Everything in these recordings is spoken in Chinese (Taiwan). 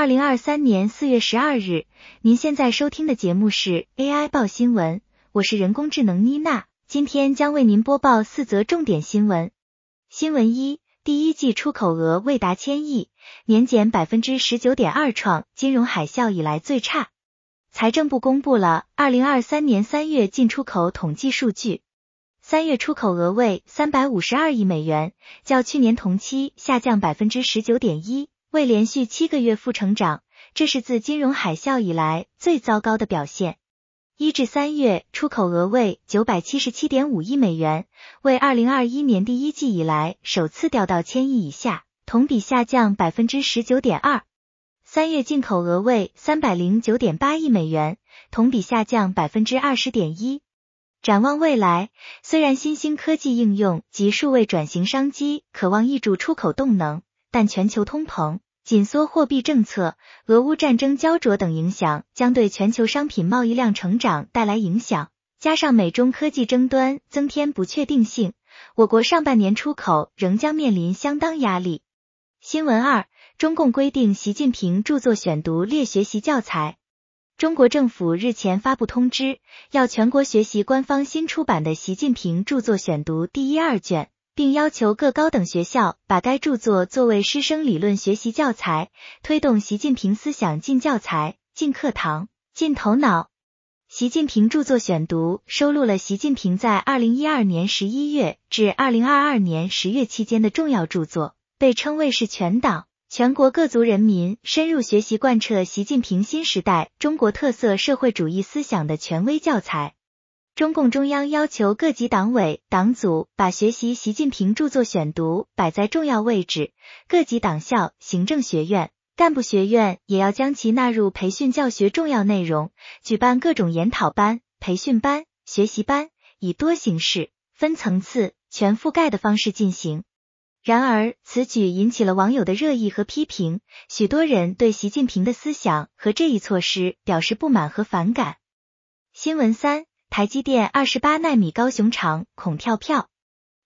二零二三年四月十二日，您現在收聽的節目是 AI 報新聞，我是人工智能妮娜，今天將為您播報四則重點新聞。新聞一，第一季出口額未達千億，年減百分之十九點二，創金融海嘯以來最差。財政部公布了二零二三年三月進出口統計數據，三月出口額為三百五十二億美元，較去年同期下降百分之十九點一。為連續七個月負成長，這是自金融海嘯以來最糟糕的表現。一至三月出口額為九百七十七點五億美元，為二零二一年第一季以來首次掉到千億以下，同比下降百分之十九點二。三月進口額為三百零九點八億美元，同比下降百分之二十點一。展望未來，雖然新興科技應用及數位轉型商機渴望挹注出口動能。但全球通膨、緊縮貨幣政策、俄烏戰爭膠著等影響將對全球商品貿易量成長帶來影響，加上美中科技爭端增添不確定性，我國上半年出口仍將面臨相當壓力。新聞二：中共規定習近平著作選讀列學習教材。中國政府日前發布通知，要全國學習官方新出版的習近平著作選讀第一二卷。並要求各高等學校把該著作作為師生理論學習教材，推動習近平思想進教材、進課堂、進頭腦。習近平著作選讀收錄了習近平在二零一二年十一月至二零二二年十月期間的重要著作，被稱為是全黨全國各族人民深入學習貫徹習近平新時代中國特色社會主義思想的權威教材。中共中央要求各級黨委黨組把學習習近平著作選讀擺在重要位置，各級黨校、行政學院、幹部學院也要將其納入培訓教學重要內容，舉辦各種研討班、培訓班、學習班，以多形式、分層次、全覆蓋的方式進行。然而，此舉引起了網友的熱議和批評，許多人對習近平的思想和這一措施表示不滿和反感。新聞三。台積電二十八納米高雄廠恐跳票。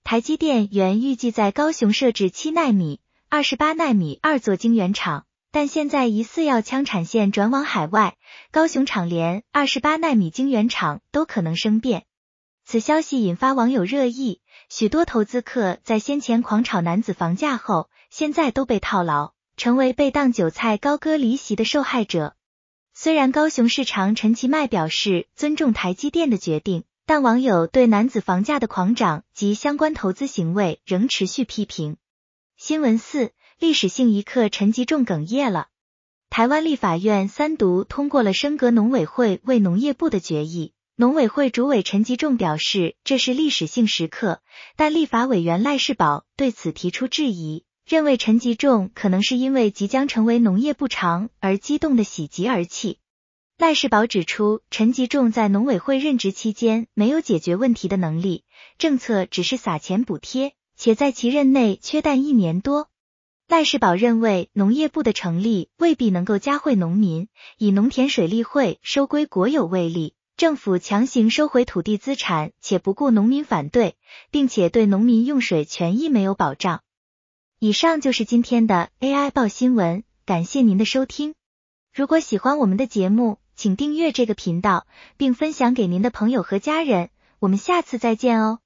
台積電原預計在高雄設置七納米、二十八納米二座晶圓廠，但現在疑似要將產線轉往海外，高雄廠連二十八納米晶圓廠都可能生變。此消息引發網友熱議，許多投資客在先前狂炒楠梓房價後，現在都被套牢，成為被當韭菜高歌離席的受害者。雖然高雄市長陳其邁表示尊重台積電的決定，但網友對楠梓房價的狂漲及相關投資行為仍持續批評。新聞四：歷史性一刻，陳吉仲哽咽了。台灣立法院三讀通過了升格農委會為農業部的決議，農委會主委陳吉仲表示這是歷史性時刻，但立法委員賴士葆對此提出質疑，認為陳吉仲可能是因為即將成為農業部長而激動的喜極而泣。賴士葆指出，陳吉仲在農委會任職期間沒有解決問題的能力，政策只是撒錢補貼，且在其任內缺蛋一年多。賴士葆認為，農業部的成立未必能夠嘉惠農民，以農田水利會收歸國有為例，政府強行收回土地資產，且不顧農民反對，並且對農民用水權益沒有保障。以上就是今天的 AI 報新聞，感謝您的收聽。如果喜歡我們的節目，請訂閱這個頻道，並分享給您的朋友和家人。我們下次再見哦。